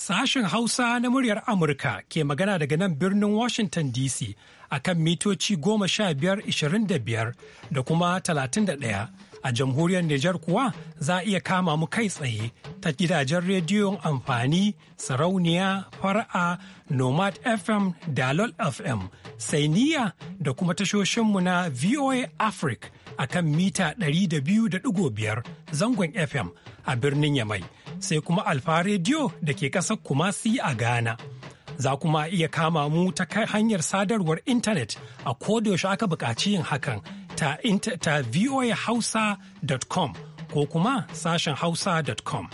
Sashen Hausa na muryar Amurka ke magana daga nan birnin Washington DC a kan mitoci 15-25 da kuma 31. A jamhuriyar Nijar kuwa za a iya kama mu kai tsaye ta gidajen rediyon amfani, sarauniya, fara'a, Nomad FM, Dalol FM, Sainiya da kuma tashoshinmu na VOA Africa. a kan mita 200.5 zangon FM a birnin Yamai, sai kuma Alfa Radio da ke ƙasar Kumasi a Ghana. Za kuma iya kama mu ta hanyar sadarwar intanet a kodayaushe aka buƙaci yin hakan ta, ta voahausa.com ko kuma sashen hausa.com.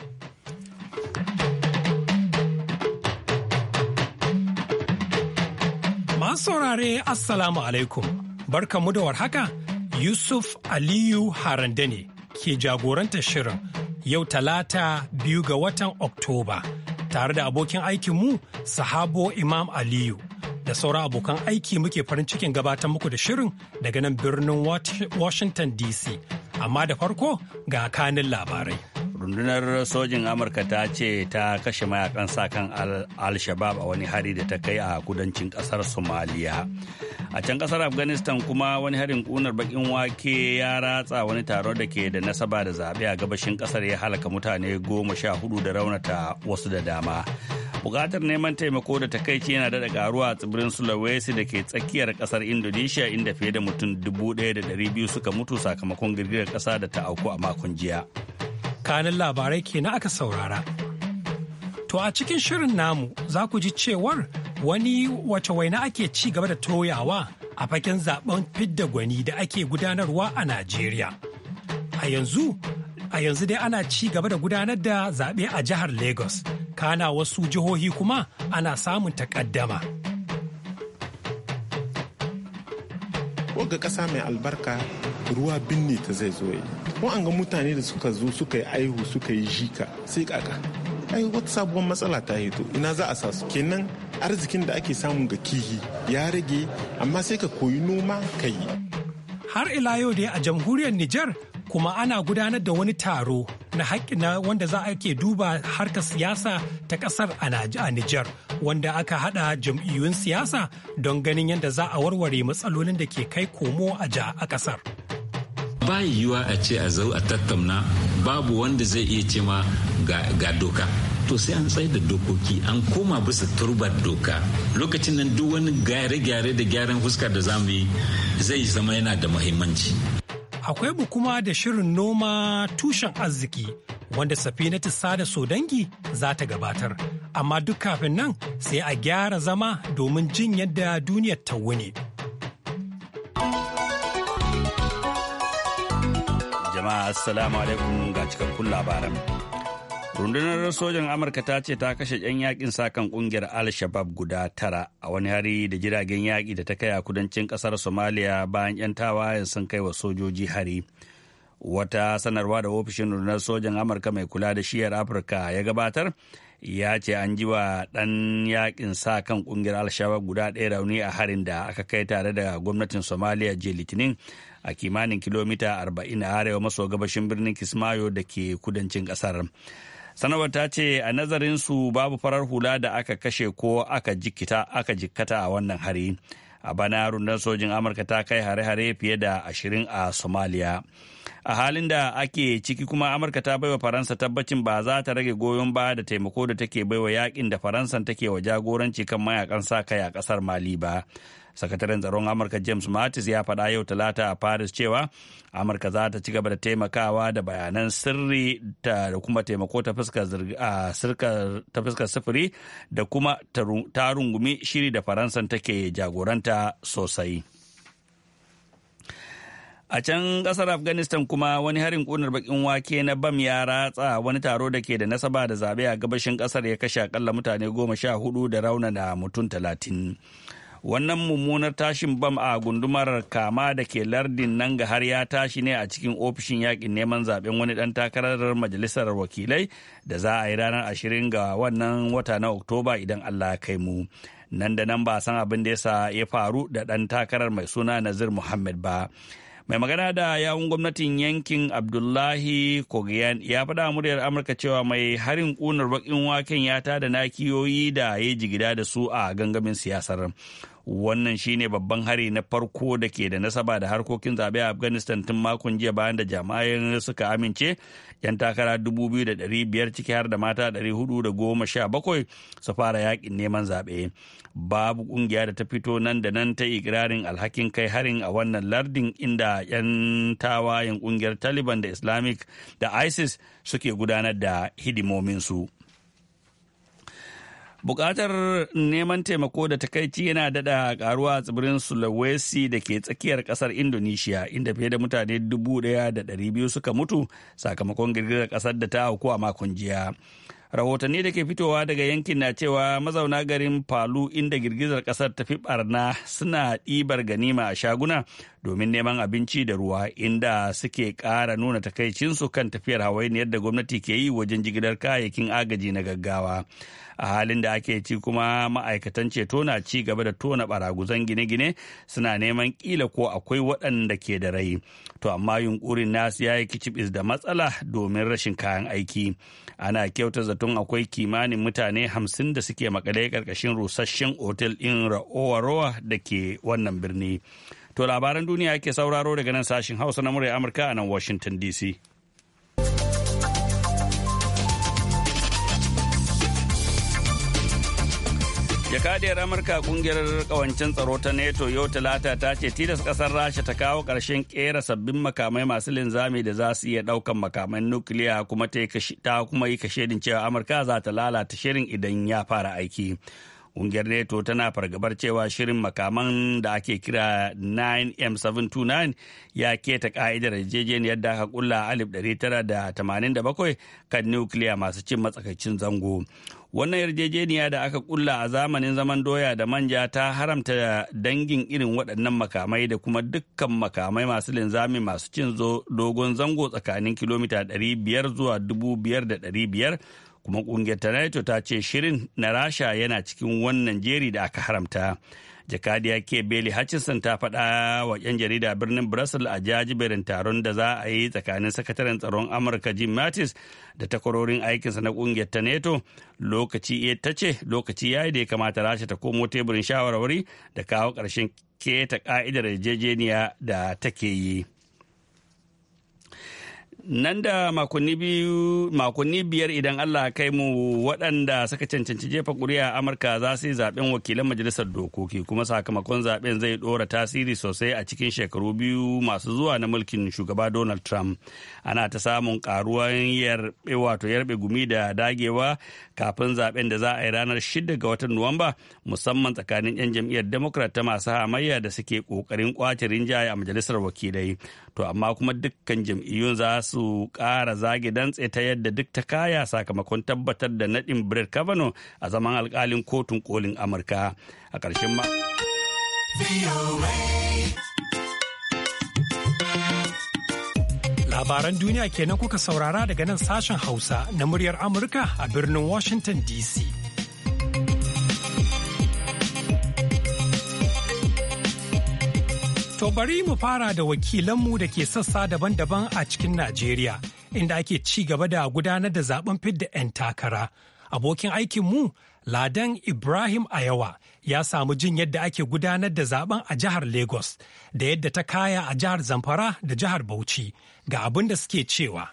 Masu saurare Assalamu alaikum, barkanmu da warhaka. haka. Yusuf Aliyu Harande ne ke jagorantar shirin yau talata biyu ga watan Oktoba tare da abokin aikinmu Sahabo Imam Aliyu da sauran abokan aiki muke farin cikin gabatar muku da shirin daga nan birnin Washington DC. Amma da farko ga kanin labarai. rundunar sojin amurka ta ce ta kashe mayakan sa-kan al-shabab a wani hari da ta kai a kudancin kasar somaliya a can kasar afghanistan kuma wani harin kunar bakin wake ya ratsa wani taro da ke da nasaba da zaɓe a gabashin kasar ya halaka mutane goma sha hudu da raunata wasu da dama bukatar neman taimako da takaici yana daɗa karuwa a tsibirin sulawesi da ke tsakiyar ƙasar indonesia inda fiye da mutum biyu suka mutu sakamakon girgirar ƙasa da ta auku a makon jiya. kanin labarai kenan aka saurara. To a cikin shirin namu za ku ji cewar wani wace waina ake ci gaba da toyawa a fakin zaben fidda gwani da ake gudanarwa a Najeriya. A yanzu, a yanzu dai ana ci gaba da gudanar da zaɓe a jihar Lagos, kana wasu jihohi kuma ana samun takaddama. Wagga ƙasa mai albarka ruwa binne ta zai zo yi. an ga mutane da suka zo suka yi aihu suka yi jika sai kaka ai wata sabuwar matsala ta hito ina za a sa su kenan arzikin da ake samu ga kihi ya rage amma sai ka koyi noma ka yi har ila yau dai a jamhuriyar Nijar kuma ana gudanar da wani taro na na wanda za a ke duba harkar siyasa ta ƙasar a Nijar wanda aka hada jam'iyyun siyasa don ganin yadda za a warware matsalolin da ke kai komo a ja a kasar. ba yiwuwa a ce a zau a tattauna babu wanda zai iya ce ma ga doka to sai an tsaye da dokoki an koma bisa turbar doka lokacin nan duk wani gyare-gyare da gyaran fuska da zamu yi zai zama yana da muhimmanci akwai bukuma da shirin noma tushen arziki wanda safinatu sada sodangi za ta gabatar amma duk kafin nan sai a gyara zama domin jin yadda duniyar ta wuni. jama'a assalamu alaikum ga cikakkun labaran rundunar sojan amurka ta ce ta kashe 'yan yakin sakan kungiyar al-shabab guda tara a wani hari da jiragen yaƙi da ta kai a kudancin ƙasar Somalia bayan 'yan tawayen sun kai wa sojoji hari wata sanarwa da ofishin rundunar sojan amurka mai kula da shiyar afirka ya gabatar ya ce an ji wa ɗan yakin sa kan ƙungiyar al guda ɗaya rauni a harin da aka kai tare da gwamnatin somaliya jiya litinin a kimanin kilomita 40 a arewa maso gabashin birnin Kismayo da ke kudancin kasar. sanarwar ta ce a nazarinsu babu farar hula da aka kashe ko aka jikkata a wannan hari. a bana rundun sojin amurka ta kai hare-hare fiye da ashirin a somalia a halin da ake ciki kuma amurka ta baiwa faransa tabbacin ba za ta rage goyon ba da taimako da take baiwa yakin da faransa take wa jagoranci kan mayakan sa kai a kasar mali ba sakataren tsaron amurka james mattis ya faɗa yau talata a paris cewa amurka za ta ci gaba da taimakawa da bayanan sirri da kuma taimako ta fuskar sufuri da kuma ta rungumi shiri da faransan take jagoranta sosai. A can kasar Afghanistan kuma wani harin kunar bakin wake na bam ya ratsa wani taro da ke da nasaba da zabe a gabashin kasar ya kashe akalla mutane goma sha hudu da rauna na mutum talatin. wannan mummunar tashin bam a gundumar kama da ke lardin nan ga har ya tashi ne a cikin ofishin yakin neman zaben wani dan takarar majalisar wakilai da za a yi ranar ashirin ga wannan wata na oktoba idan allah kai mu nan da nan ba san abin da ya sa ya faru da dan takarar mai suna nazir muhammad ba mai magana da yawun gwamnatin yankin abdullahi kogiyan ya faɗa muryar amurka cewa mai harin ƙunar baƙin waken ya tada nakiyoyi da ya jigida da su a gangamin siyasar wannan shine babban hari na farko da ke da nasaba da harkokin zaɓe a afghanistan tun makon jiya bayan da jami'ai suka amince yan takara 2,500 ciki har da mata 417 su fara yakin neman zaɓe babu ƙungiya da ta fito nan da nan ta ikirarin alhakin kai harin a wannan lardin inda 'yan tawayen ƙungiyar taliban da islamic da isis suke gudanar da hidimominsu. su Buƙatar neman taimako da takaici yana dada karuwa a tsibirin Sulawesi da ke tsakiyar ƙasar Indonesia inda fiye da mutane dubu daya da ɗari biyu suka mutu sakamakon girgizar ƙasar da ta auku a makon jiya. rahotanni da ke fitowa daga yankin na cewa mazauna garin palu inda girgizar kasar ta fi barna suna ɗibar ganima a shaguna domin neman abinci da ruwa inda suke ƙara nuna takaicinsu kan tafiyar hawainiyar da gwamnati ke yi wajen jigilar kayayyakin agaji na gaggawa a halin da ake ci kuma ma'aikatan ceto na ci gaba da tona baraguzan gine-gine suna neman kila ko akwai waɗanda ke da rai to amma yunkurin nasu ya yi kicibis da matsala domin rashin kayan aiki ana kyauta zaton akwai kimanin mutane hamsin da suke makale karkashin rusasshen otel ɗin ra'owa-rowa da ke wannan birni to labaran duniya ake sauraro daga nan sashin hausa na murya amurka a nan washington dc jakadiyar amurka kungiyar kawancin tsaro ta neto yau talata ta ce tilas kasar rasha ta kawo karshen kera sabbin makamai masu linzami da za su iya daukan makaman nukiliya kuma ta kuma yi kashedin cewa amurka za ta lalata shirin idan ya fara aiki kungiyar neto tana fargabar cewa shirin makaman da ake kira 9m729 ya keta ka'idar yarjejeniyar da aka kulla 1987 kan nukiliya masu cin matsakaicin zango Wannan yarjejeniya da aka kulla a zamanin zaman doya da manja ta haramta dangin irin waɗannan makamai da kuma dukkan makamai masu linzami masu cin dogon zango tsakanin kilomita 500 zuwa 5,500 kuma ƙungiyar ta ta ce shirin na rasha yana cikin wannan jeri da aka haramta. jakadiya ke beli hutchinson ta faɗa wa 'yan jarida birnin brussels a jajiberin taron da za a yi tsakanin sakataren tsaron amurka jim mattis da takwarorin aikinsa na kungiyar ta neto lokaci ta ce lokaci ya yi da ya kamata rasha ta komo teburin shawarwari da kawo karshen keta ka'idar yarjejeniya da take yi. nan da makonni biyar idan Allah kai mu waɗanda suka cancanci jefa ƙuri'a a Amurka za su yi zaɓen wakilan majalisar dokoki kuma sakamakon zaɓen zai ɗora tasiri sosai a cikin shekaru biyu masu zuwa na mulkin shugaba Donald Trump. Ana ta samun ƙaruwar yarɓe wato yarɓe gumi da dagewa kafin zaɓen da za a yi ranar 6 ga watan Nuwamba musamman tsakanin 'yan jam'iyyar Democrat ta masu hamayya da suke ƙoƙarin ƙwace rinjaye a majalisar wakilai. to amma kuma dukkan jam'iyyun za su kara zage dantse ta yadda duk ta kaya sakamakon tabbatar da naɗin brett kavanaugh a zaman alkalin kotun kolin amurka a ƙarshen ma labaran duniya kenan kuka saurara daga nan sashen hausa na muryar amurka a birnin washington dc To bari mu fara da wakilanmu da ke sassa daban-daban a cikin Najeriya, inda ake ci gaba da gudanar da zaben fidda 'yan takara. Abokin aikinmu Ladan Ibrahim Ayawa ya samu jin yadda ake gudanar da zaben a jihar Lagos da yadda ta kaya a jihar Zamfara da jihar Bauchi ga abin da suke cewa.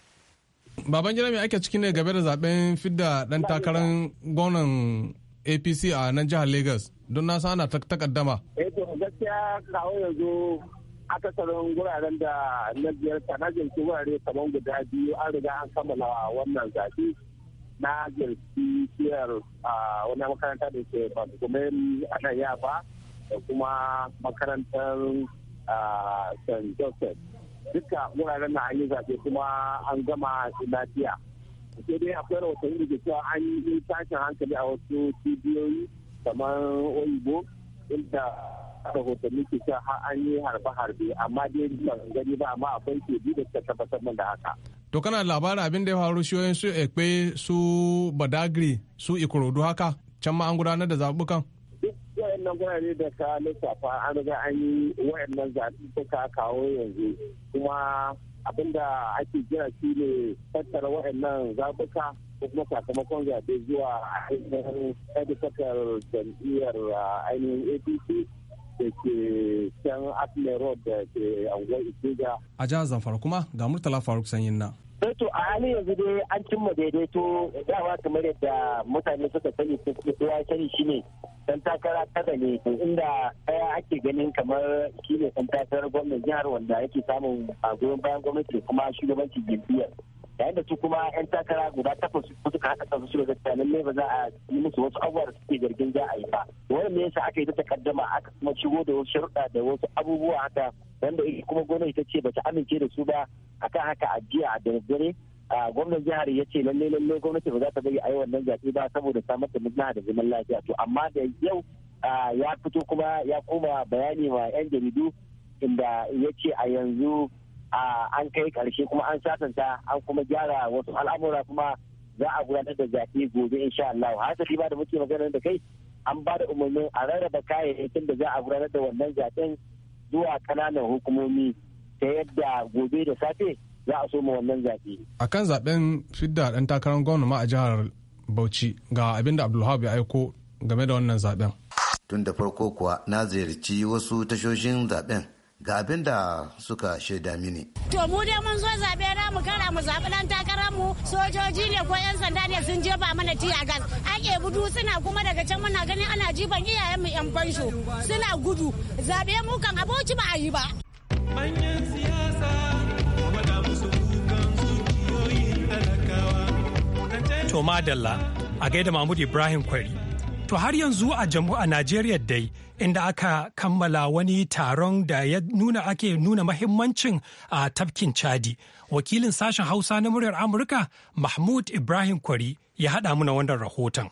Baban gida ake cikin ne gaba da zaben fidda dan takarar gwamnan APC a nan jihar Lagos don na ana takaddama. Eh, gaskiya kawo yanzu akasarin guraren da na ziyarta na jirki wurare kamar guda biyu an riga an kammala wannan zaɓe na jirki siyar a wani makaranta da ke bangumen a yaba da kuma makarantar st joseph duka wuraren na an yi zaɓe kuma an gama lafiya sai dai akwai rahotanni da ke cewa an yi tashin hankali a wasu cibiyoyi kamar oyibo inda rahotanni ke cewa har an yi harbe-harbe amma dai ban gani ba amma akwai bi da tabbatar min da haka. To kana labarin abin da ya faru shiyoyin su Ekpe su Badagri su Ikorodu haka can ma an gudanar da zaɓukan. Duk wayannan gurare da ka lissafa an riga an yi wayannan zaɓuka kawo yanzu kuma abin da ake jira shi ne tattara wayannan zaɓuka ko kuma sakamakon zaɓe zuwa ainihin hedikwatar jam'iyyar ah, ainihin APC da ke can Asle Road da ke Angon Ikiga. A jihar Zamfara kuma ga Murtala Faruk Sanyin na. Eh to a halin yanzu dai an cimma daidaito dawa kamar yadda mutane suka sani kowa sani shine ɗan takara kada ne inda daya ake ganin kamar shine ɗan takarar gwamnan jihar wanda yake samun a goyon bayan gwamnati kuma shugabancin jam'iyyar yayin da su kuma yan takara guda takwas su suka haka kansu su da lalle ba za a yi musu wasu abubuwa da suke zargin za a yi ba wani ne yasa aka yi ta takaddama aka kuma shigo da wasu sharuɗa da wasu abubuwa haka wanda kuma gwamnati ta ce bata amince da su ba akan haka a jiya a daddare gwamnan jihar ya ce lalle lalle gwamnati ba za ta bari a yi wannan zaɓe ba saboda samar da maslaha da zaman lafiya to amma da yau ya fito kuma ya koma bayani wa yan jaridu inda ya ce a yanzu an kai karshe kuma an sasanta an kuma gyara wasu al'amura kuma za a gudanar da zaɓe gobe insha Allah hasali ba da muke magana da kai an ba da umarni a rarraba kayayyakin da za a gudanar da wannan zaɓen zuwa kananan hukumomi ta yadda gobe da safe za a soma wannan zaɓe. akan kan zaɓen fidda ɗan takarar gwamna ma a jihar bauchi ga abinda da abdulhab ya aiko game da wannan zaɓen. tun da farko kuwa na ziyarci wasu tashoshin zaɓen ga abin da suka shaida mini. To mu dai mun zo zabe na mu kara mu zaɓi ɗan takarar mu sojoji ne ko 'yan sanda ne sun jefa mana tiya gas. Ake gudu suna kuma daga can muna ganin ana jiban iyayen mu 'yan fansho suna gudu zaɓe mu kan aboci ba a yi ba. Manyan siyasa wada musu kukan talakawa. To madalla a gaida Mahmud Ibrahim Kwari. To har yanzu a a Najeriya dai inda aka kammala wani taron da ya nuna ake nuna mahimmancin a tafkin Chadi. Wakilin sashen Hausa na muryar Amurka Mahmud Ibrahim Kwari ya haɗa muna wannan rahoton.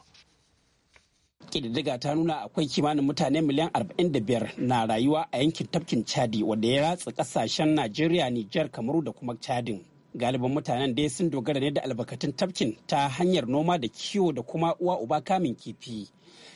kididdiga ta nuna akwai kimanin mutane miliyan 45 na rayuwa a yankin tafkin chadi wanda ya ratsa ƙasashen najeriya nijar kamaru da kuma chadin galibin mutanen dai sun dogara ne da albarkatun tafkin ta hanyar noma da kiwo da kuma uwa uba kamin kifi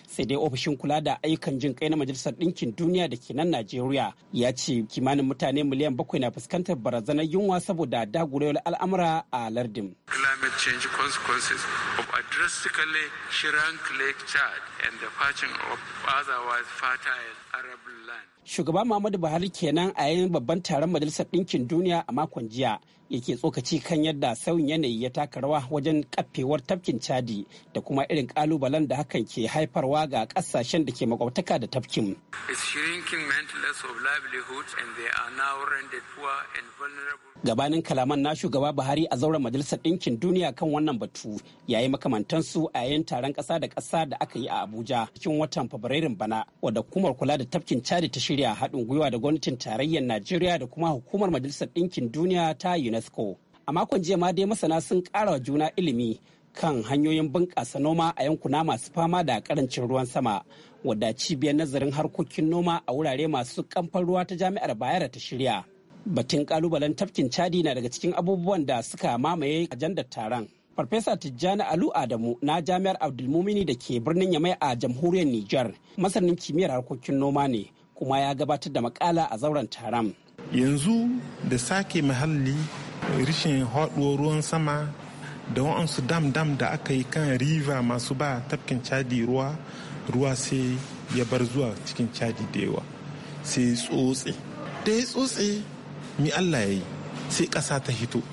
sai dai ofishin kula da ayyukan jin kai na majalisar ɗinkin duniya da ke nan najeriya ya ce kimanin mutane miliyan bakwai na fuskantar barazanar yunwa saboda dagurewar al'amura a lardin climate change consequences of drastically shrunk Lake Chad and the patching of otherwise fertile arable land. Shugaba Muhammadu Buhari kenan a yayin babban taron Majalisar Ɗinkin Duniya a makon jiya yake tsokaci kan yadda sauyin yanayi ya taka rawa wajen kafewar tafkin Chadi da kuma irin kalubalen da hakan ke haifarwa ga kasashen da ke makwabtaka da tafkin. It's shrinking of livelihood, and they are now rendered poor and vulnerable. gabanin kalaman na shugaba buhari a zauren majalisar ɗinkin duniya kan wannan batu yayi makamantansu a yayin taron ƙasa da ƙasa da aka yi a abuja cikin watan fabrairun bana wadda hukumar kula da tafkin cadi ta shirya haɗin gwiwa da gwamnatin tarayyar najeriya da kuma hukumar majalisar ɗinkin duniya ta unesco a makon jiya ma dai masana sun kara wa juna ilimi kan hanyoyin bunƙasa noma a yankuna masu fama da karancin ruwan sama wadda cibiyar nazarin harkokin noma a wurare masu kamfan ruwa ta jami'ar bayero ta shirya Batun kalubalen tafkin Chadi na daga cikin abubuwan da suka mamaye ajandar taron. Farfesa Tijjani Alu Adamu na Jami'ar Abdulmumini da ke birnin Yamai a jamhuriyar niger masanin kimiyyar harkokin noma ne, kuma ya gabatar da makala a zauren taron. Yanzu da sake muhalli rishin haɗuwar ruwan sama da wa'ansu dam-dam da aka yi kan riva masu ba tafkin Chadi ruwa, ruwa sai ya bar zuwa cikin Chadi da yawa. Sai tsotse. Da ya tsotse mi allah ya yi sai ƙasa ta hito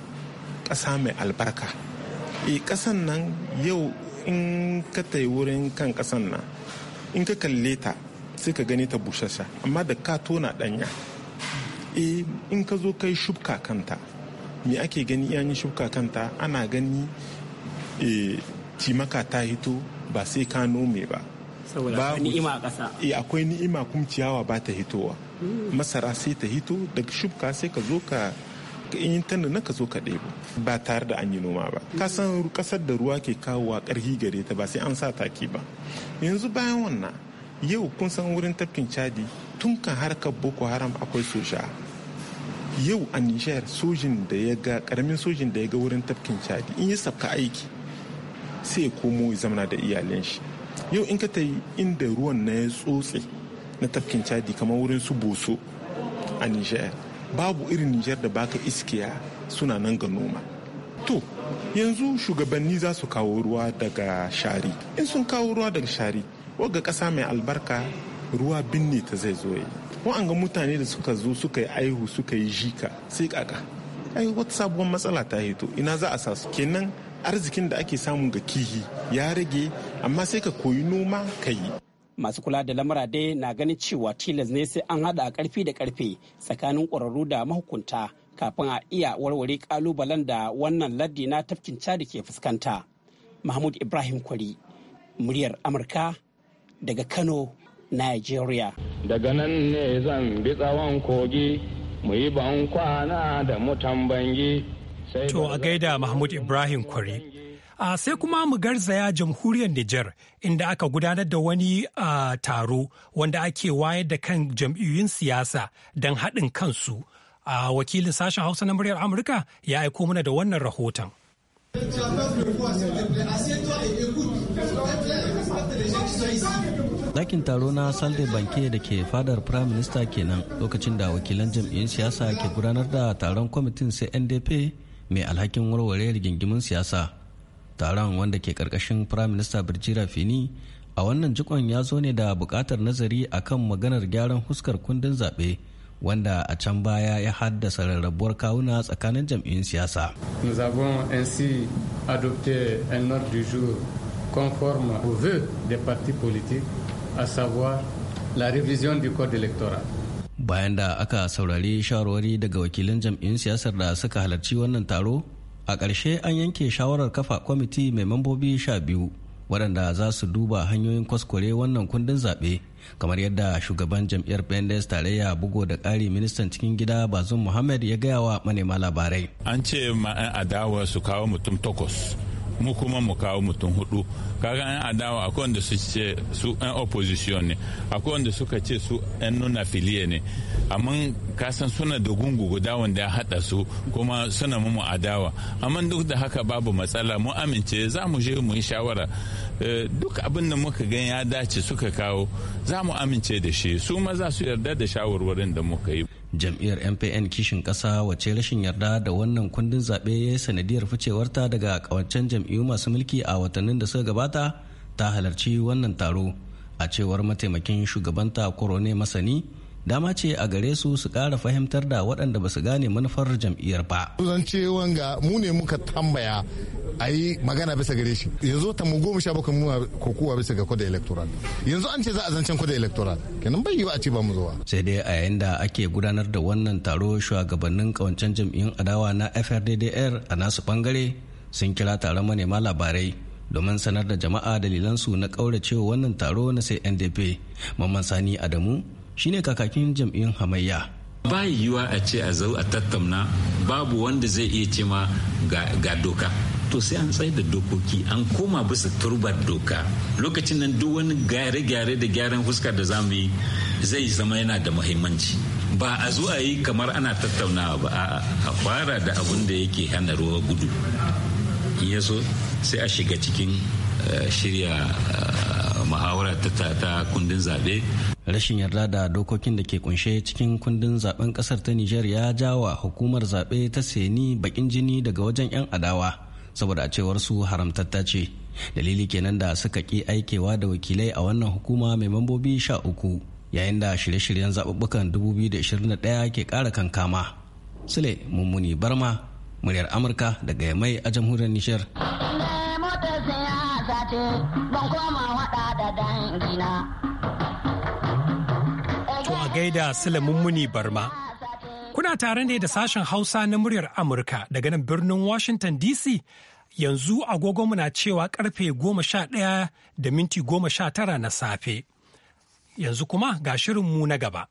ƙasa mai albarka e ƙasan nan yau in ka tai wurin kan ƙasan nan in ka kalle ta sai ka gani ta bushasha amma da ka tona ɗanya e in ka zo kai shubka kanta me ake gani yan yi shubka kanta ana gani e, cimaka ta hito ba sai ka nome ba saboda ni'ima a ƙasa eh, akwai ni'ima kuma ciyawa ba ta hitowa mm. masara sai ta hito daga shubka sai ka zo ka in tana na ka zo ka ɗebo ba tare da an yi noma ba ka san kasar mm. da ruwa ke kawowa ƙarfi gare ta ba sai an sa taki ba yanzu bayan wannan yau kun san wurin tafkin chadi tun kan harkar boko haram akwai soja yau a nijar sojin da ya ga karamin sojin da ya ga wurin tafkin chadi in yi sabka aiki sai ya komo ya zamana da iyalen shi yau in ka ta yi inda ruwan na ya tsotse na tafkin chadi kamar wurin su boso a niger babu irin Nijar da baka iskiya suna nan ga noma to yanzu shugabanni za su kawo ruwa daga shari in sun kawo ruwa daga shari wagga ƙasa mai albarka ruwa binne ta zai zo yi wa'anga mutane da suka zo suka yi aihu suka yi jika sai kaka ai wata sabuwar matsala ta hito ina za a sa su kenan arzikin da ake samu ga kihi ya rage amma sai ka koyi noma ka yi masu kula da lamura dai na ganin cewa tilas ne sai an haɗa ƙarfi da karfe tsakanin ƙwararru da mahukunta kafin a iya warware ƙalubalen da wannan laddi na tafkin da ke fuskanta mahmud ibrahim kwari muryar amurka daga kano nigeria daga nan ne zan bi tsawon kogi mu yi ban kwana da mutan bangi to a gaida mahmud ibrahim kwari A sai kuma mu garzaya jamhuriyar Nijar inda aka gudanar da wani uh, taro wanda ake wayar da kan jam'iyyun siyasa don haɗin kansu. Uh, wakilin sashen Hausa na muryar Amurka ya aiko mana da wannan rahoton. Dakin taro na Salde Banke da ke fadar Prime Minister kenan lokacin da wakilan jam'iyyun siyasa ke gudanar da taron kwamitin CNDP mai alhakin warware rigingimin siyasa taron wanda ke karkashin prime minister birjira fini a wannan jikon ya zo ne da bukatar nazari a kan maganar gyaran huskar kundin zaɓe wanda a can baya ya haddasa rarrabuwar kawuna tsakanin jam'iyyun siyasa. a adopté un conforme aux vœux des partis politiques, à savoir la révision du code électoral. Bayan da aka saurari shawarwari daga wakilin jam'iyyun siyasar da suka halarci wannan taro, a ƙarshe an yanke shawarar kafa kwamiti mai mambobi sha biyu waɗanda za su duba hanyoyin kwaskware wannan kundin zaɓe kamar yadda shugaban jam'iyyar pendes tarayya bugo da ƙari ministan cikin gida bazum muhammad ya gaya wa manema labarai an ce ma'an adawa su kawo mutum takwas mu kuma mu kawo mutum hudu kaga yan adawa akwai wanda su ce su yan opposition ne akwai wanda suka ce su yan nuna filiye ne amma kasan suna da gungu guda wanda ya hada su kuma suna mu adawa amma duk da haka babu matsala mu amince za mu je mu yi shawara Eh, duk abin da muka gan ya dace suka kawo za mu amince da shi su ma su yarda da shawarwarin da muka yi jam'iyyar mpn kishin kasa wace rashin yarda da wannan kundin zaɓe ya yi sanadiyar ficewarta daga ƙawancen jam'iyyu masu mulki a watannin da suka gabata ta halarci wannan taro a cewar mataimakin shugabanta korone masani dama ce a gare su su kara fahimtar da waɗanda ba su gane manufar jam'iyyar ba. Zance wanga mu ne muka tambaya a yi magana bisa gare shi yanzu ta mu goma sha bakwai mu kokowa bisa ga kwada electoral yanzu an ce za a zancen kwada electoral kenan bai yi a ce ba mu zuwa. sai dai a yayin da ake gudanar da wannan taro shugabannin kawancen jam'iyyun adawa na frddr a nasu bangare sun kira taron manema labarai domin sanar da jama'a dalilansu na kauracewa wannan taro na sai ndp mamman sani adamu shine kakakin jam'iyyar hamayya ba yiwuwa a ce a zau a tattauna babu wanda zai iya ce ma ga doka to sai an tsaye da dokoki an koma bisa turbar doka lokacin nan duk wani gyare-gyare da gyaran fuska da zamu yi zai zama yana da muhimmanci ba a zo a yi kamar ana tattaunawa ba a fara da abun da yake hana ruwa gudu ya so sai a shiga cikin eh, shirya eh, muhawara ta kundin zabe. Rashin yarda da dokokin da ke kunshe cikin kundin zaben kasar ta Nijar ya jawa hukumar zabe ta seni bakin jini daga wajen 'yan adawa saboda cewar su haramtatta ce. Dalili kenan da suka ki aikewa da wakilai a wannan hukuma mai mambobi sha uku yayin da shirye-shiryen zaɓuɓɓukan 2021 ke kara kankama. Sule Mummuni Barma, muryar Amurka daga Yamai a jamhuriyar Nijar. To a gaida Sulaimun Muni Barma. Kuna tare ne da sashen Hausa na muryar Amurka daga nan birnin Washington DC yanzu agogonmu na cewa karfe goma sha ɗaya da minti goma sha tara na safe. Yanzu kuma ga shirinmu na gaba.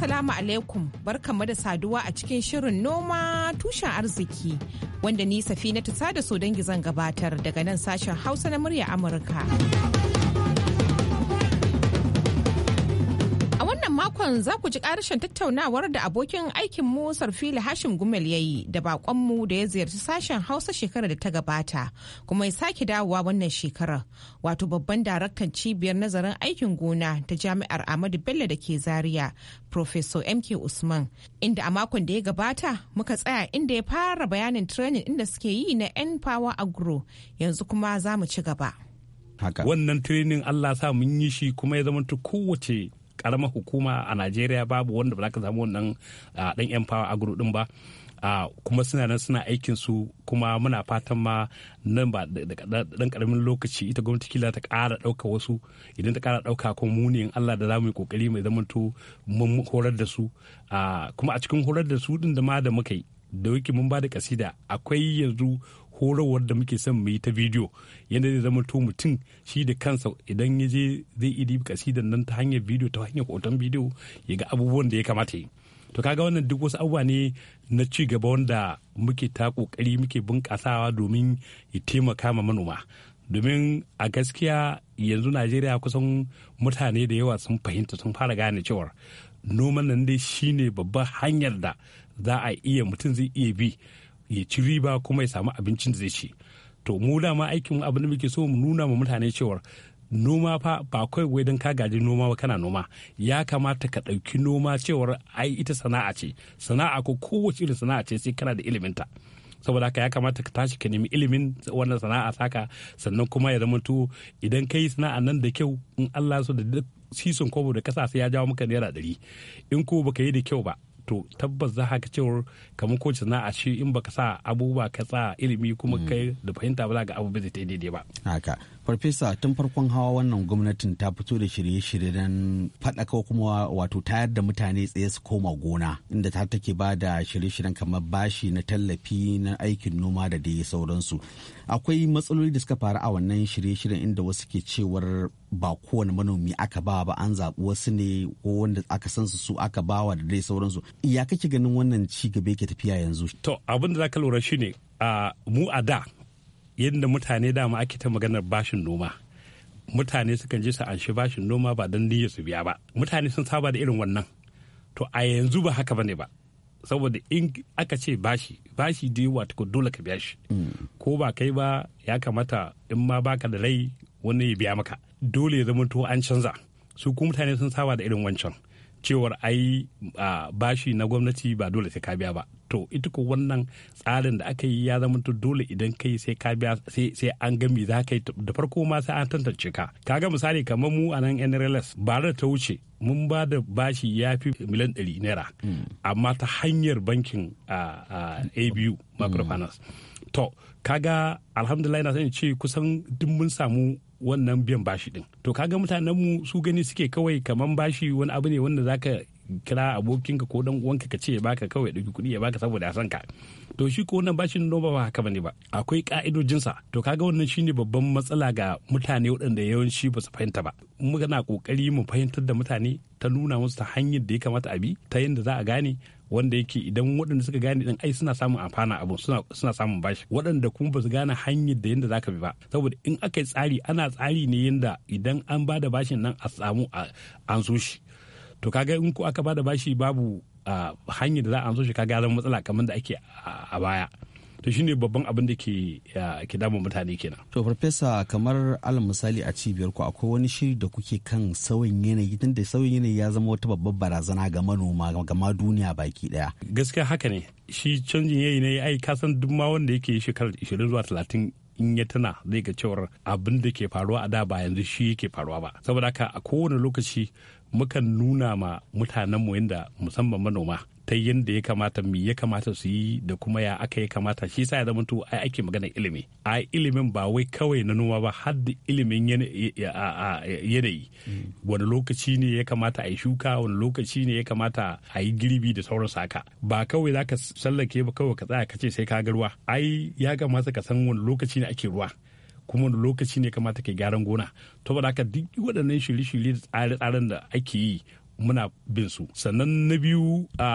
Assalamu alaikum barkamu da saduwa a cikin shirin noma tushen arziki wanda ni safina ta sada so dangi zan gabatar daga nan sashen hausa na murya Amurka. makon za ku ji karshen tattaunawar da abokin aikin mu sarfili Hashim Gumel ya yi da baƙonmu da ya ziyarci sashen Hausa shekarar da ta gabata kuma ya sake dawowa wannan shekarar. Wato babban daraktan cibiyar nazarin aikin gona ta Jami'ar Ahmadu Bello da ke Zaria, Professor MK Usman, inda a makon da ya gabata muka tsaya inda ya fara bayanin training inda suke yi na N Power Agro yanzu kuma za mu ci gaba. Wannan training Allah sa mun yi shi kuma ya zama kowace karamar hukuma a najeriya babu wanda ba za ka samu wannan dan yan fawa a din ba kuma suna nan suna aikin su kuma muna fatan ma nan ba dan karamin lokaci ita gwamnati kila ta kara dauka wasu idan ta kara dauka ko munin Allah da zamu yi kokari mai zamanto mun horar da su kuma a cikin horar da su din da ma da muka yi da wiki mun ba da kasida akwai yanzu horarwar da muke son mu yi ta bidiyo yadda zai zama to mutum shi da kansa idan ya je zai iya kasidan nan ta hanyar bidiyo ta hanyar hoton bidiyo ya ga abubuwan da ya kamata yi to kaga wannan duk wasu abubuwa ne na ci gaba wanda muke ta kokari muke bunkasawa domin ya taimaka ma manoma domin a gaskiya yanzu najeriya kusan mutane da yawa sun fahimta sun fara gane cewar noman nan dai shine babban hanyar da za a iya mutum zai iya bi ya ci riba kuma ya samu abincin da zai ci to mu dama aikin abin da muke so mu nuna ma mutane cewa noma fa ba kai wai don ka gaji noma ba kana noma ya kamata ka ɗauki noma cewar ai ita sana'a ce sana'a ko kowace irin sana'a ce sai kana da ilimin ta saboda haka ya kamata ka tashi ka nemi ilimin wannan sana'a saka sannan kuma ya zamanto idan ka yi sana'a nan da kyau in Allah so da sisin kobo da kasa sai ya jawo maka naira ɗari in ko baka yi da kyau ba to tabbas za ka cewar kamar ko a ce in baka sa abubuwa ka sa ilimi kuma mm. kai da fahimta ba za ga abu ba zai daidai ba haka farfesa tun farkon hawa wannan gwamnatin ta fito da shirye-shirye don faɗaka kuma wato tayar da mutane tsaye su koma gona inda ta take ba da shirye-shiryen kamar bashi na tallafi na aikin noma da dai sauransu akwai matsaloli da suka faru a wannan shirye-shiryen inda wasu ke cewar ba kowane manomi aka ba ba an zaɓi wasu ne ko wanda aka san su su aka bawa da dai sauransu ya kake ganin wannan ci gaba yake tafiya yanzu to abin da zaka lura shine mu a da yadda mutane dama ake ta maganar bashin noma mutane sukan je su anshi bashin noma ba don niyyar su biya ba mutane sun saba da irin wannan to a yanzu ba haka bane ba saboda in aka ce bashi bashi da yi wata dole ka biya shi ko ba kai ba ya kamata in ma baka da rai wani ya biya maka dole ya zama to an canza su kuma mutane sun saba da irin wancan cewar ai bashi na gwamnati ba dole sai ka biya ba to ita ko wannan tsarin da aka yi ya zama dole idan kai sai ka biya sai an gami za ka yi da farko ma sai an tantance ka kaga misali kamar mu a nan NRLS ba da ta wuce mun ba da bashi ya fi miliyan ɗari naira amma ta hanyar bankin ABU mm. microfinance to kaga alhamdulillah na sani ce kusan duk mun samu wannan biyan bashi din to kaga mutanen mu su gani suke kawai kaman bashi wani abu ne wanda zaka kira abokinka ko dan uwanka ka ce ya baka kawai dauki kuɗi ya baka saboda a san ka to shi ko wannan bashin noma ba haka bane ba akwai ka'idojinsa to kaga wannan shine babban matsala ga mutane waɗanda yawanci ba su fahimta ba muna kokari mu fahimtar da mutane ta nuna musu ta hanyar da ya kamata a bi ta yadda za a gane wanda yake idan waɗanda suka gane din ai suna samun amfana abu suna samun bashi waɗanda kuma ba su gane hanyar da yadda ka bi ba saboda in aka yi tsari ana tsari ne yadda idan an ba da bashin nan a samu an so shi to kaga in ko aka ba da bashi babu ah, hanyar da za a an so shi kaga zama matsala kamar da ake a baya to shine babban abin da ke ke damun mutane kenan to farfesa kamar alal misali a cibiyar ku akwai wani shiri da kuke kan sauyin yanayi tun da sauyin yanayi ya zama wata babbar barazana ga manoma ga ma duniya baki daya gaskiya haka ne shi canjin yayi ne ai ka san duk ma wanda yake shekarar 20 zuwa talatin in ya tana zai ga cewar abin da ke faruwa a da ba yanzu shi yake faruwa ba saboda haka a kowane lokaci mukan nuna ma mutanenmu yadda musamman manoma ta yadda ya kamata mi ya kamata su yi da kuma ya aka ya kamata shi sa ya zama to ai ake magana ilimi ai ilimin ba wai kawai na noma ba har da ilimin yanayi mm. wani lokaci ne ya kamata a yi shuka wani lokaci ne ya kamata a yi girbi da sauran saka ba kawai za ka sallake ba kawai ka tsaya ka ce sai ka ga ruwa ai ya kamata ka san wani lokaci ne ake ruwa kuma wani lokaci ne kamata ka gyaran gona to ba da ka duk waɗannan shirye-shirye da tsare-tsaren da ake yi muna bin su sannan na biyu a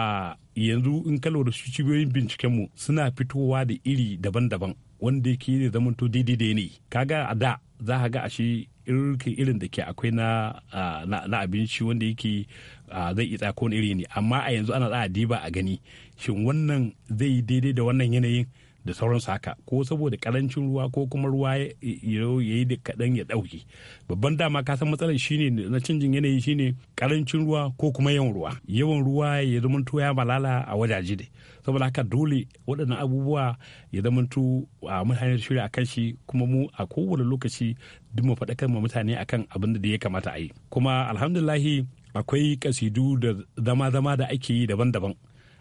yanzu in ka su cibiyoyin bincikenmu suna fitowa da iri daban-daban wanda ke da zamanto daidai da ne kaga a da za ka ga ashe shi irin da ke akwai na na abinci wanda yake zai itsa ko iri ne amma a yanzu ana za a diba a gani shin wannan zai yi daidai da wannan yanayin da sauransu haka ko saboda karancin ruwa ko kuma ruwa ya yi da kaɗan ya ɗauki babban dama ka san matsalar shine na canjin yanayi shine karancin ruwa ko kuma yawan ruwa yawan ruwa ya zamanto ya malala a wajaje da saboda haka dole waɗannan abubuwa ya to a mutane shirya a shi kuma mu a kowane lokaci duk mu faɗakar ma mutane akan abin da ya kamata a yi kuma alhamdulillahi akwai kasidu da zama-zama da ake yi daban-daban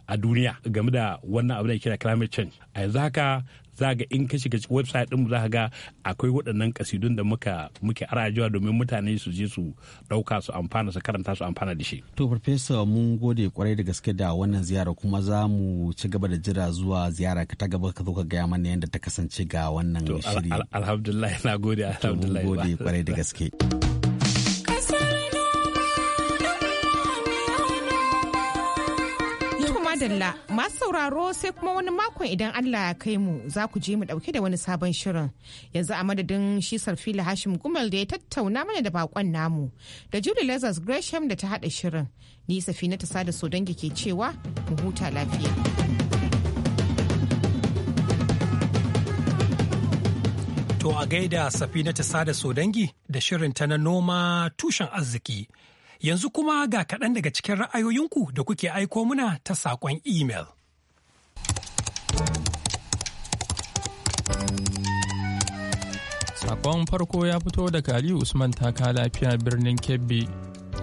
a duniya game da wannan abu da kira climate change a yanzu haka za ga in ka shiga website din mu za ga akwai waɗannan kasidun da muka muke arajewa domin mutane su je su ɗauka su amfana su karanta su amfana da shi. To farfesa mun gode kwarai da gaske da wannan ziyara kuma za mu ci gaba da jira zuwa ziyara ka ta gaba ka zo ka gaya mana yadda ta kasance ga wannan shiri. Alhamdulillah na gode alhamdulillah. Mun gode kwarai da gaske. madalla masu sauraro sai kuma wani makon idan Allah ya kai mu za ku je mu dauke da wani sabon shirin yanzu a madadin shi sarfila hashim gumal da ya tattauna mana da bakon namu da julie lazarus gresham da ta hada shirin ni safina ta sada sodangi ke cewa mu huta lafiya to a gaida safina ta sada sodangi da shirin ta na noma tushen arziki Yanzu kuma ga kaɗan daga cikin ra'ayoyinku da kuke aiko muna ta saƙon imel. Saƙon farko ya fito daga Aliyu Usman taka lafiya birnin Kebbi.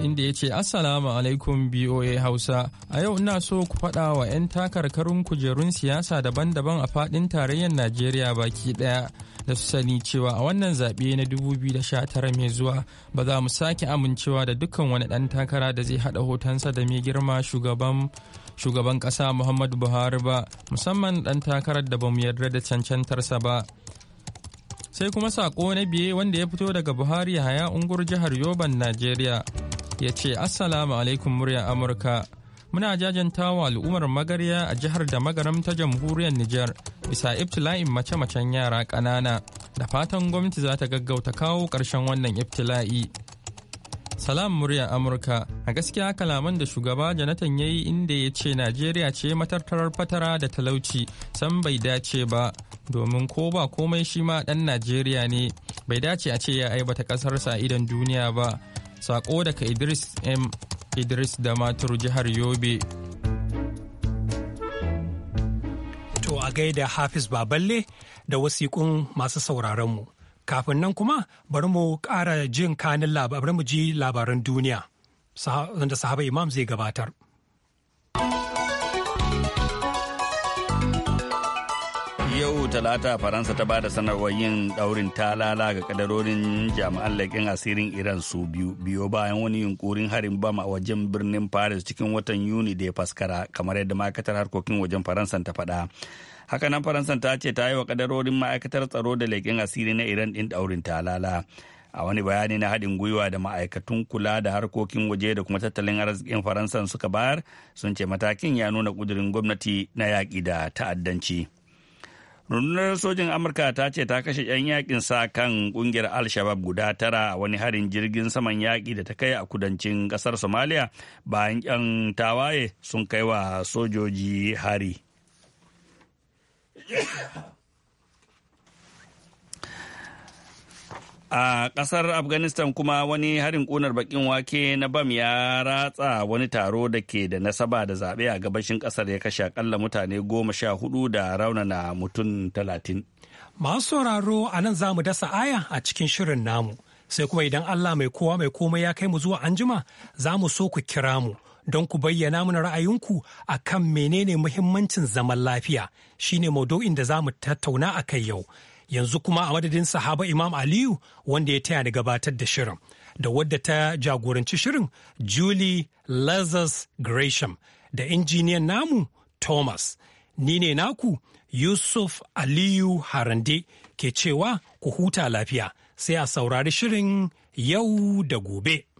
Inda ya ce Assalamu alaikum BOA Hausa, a yau ina so ku faɗa wa 'yan takarkarun kujerun siyasa daban-daban a faɗin tarayyar Najeriya baki ɗaya. da su sani cewa a wannan zaɓe na 2019 mai zuwa ba za mu sake amincewa da dukkan wani ɗan takara da zai haɗa hotonsa da mai girma shugaban shugaban ƙasa muhammadu buhari ba musamman ɗan takarar da ba mu yarda da cancantarsa ba sai kuma saƙo na biye wanda ya fito daga buhari haya ungur jihar yoban najeriya ya ce assalamu alaikum murya amurka muna jajanta wa al'ummar magarya a jihar da magaram ta jamhuriyar Nijar bisa ibtila'in mace-macen yara ƙanana da fatan gwamnati za ta gaggauta kawo ƙarshen wannan ibtila'i. Salam murya Amurka a gaskiya kalaman da shugaba Jonathan ya yi inda ya ce Najeriya ce matartarar fatara da talauci san bai dace ba domin ko ba komai shi ma ɗan Najeriya ne bai dace a ce ya aibata ƙasarsa idan duniya ba. Sako daga Idris M. Idris da Matur jihar Yobe. To a gaida Hafiz Baballe da wasiƙun masu sauraronmu. Kafin nan kuma bari mu ƙara jin kanin labarin mu ji labaran duniya. Wanda sahaba Imam zai gabatar. talata faransa ta bada sanarwar yin daurin talala ga kadarorin jami'an laƙin asirin iran su biyu biyo bayan wani yunkurin harin bam a wajen birnin paris cikin watan yuni da ya faskara kamar yadda ma'aikatar harkokin wajen faransa ta faɗa hakanan faransa ta ce ta yi wa kadarorin ma'aikatar tsaro da laƙin asiri na iran ɗin daurin talala a wani bayani na haɗin gwiwa da ma'aikatun kula da harkokin waje da kuma tattalin arzikin faransa suka bayar sun ce matakin ya nuna ƙudurin gwamnati na yaƙi da ta'addanci. rundunar sojin amurka ta ce ta kashe 'yan yakin sa kan kungiyar al-shabab guda tara a wani harin jirgin saman yaƙi da ta kai a kudancin ƙasar somalia bayan 'yan tawaye sun kai wa sojoji hari A ƙasar Afghanistan kuma wani harin ƙunar bakin wake na bam ya ratsa wani taro da ke da nasaba da zaɓe a gabashin ƙasar ya kashe akalla mutane goma sha hudu da na mutum talatin. Masu sauraro a nan za mu dasa aya a cikin shirin namu, sai kuma idan Allah mai kowa mai komai ya kai mu zuwa anjima za mu so ku kira mu. don ku bayyana mana ra'ayinku a kan menene muhimmancin zaman lafiya shine maudu'in da za mu tattauna a kai yau yanzu kuma a madadin sahaba imam aliyu wanda ya taya da gabatar da shirin da wadda ta jagoranci shirin julie lazarus gresham da injiniyan namu thomas ni ne naku yusuf aliyu harande ke cewa ku huta lafiya sai a saurari shirin yau da gobe.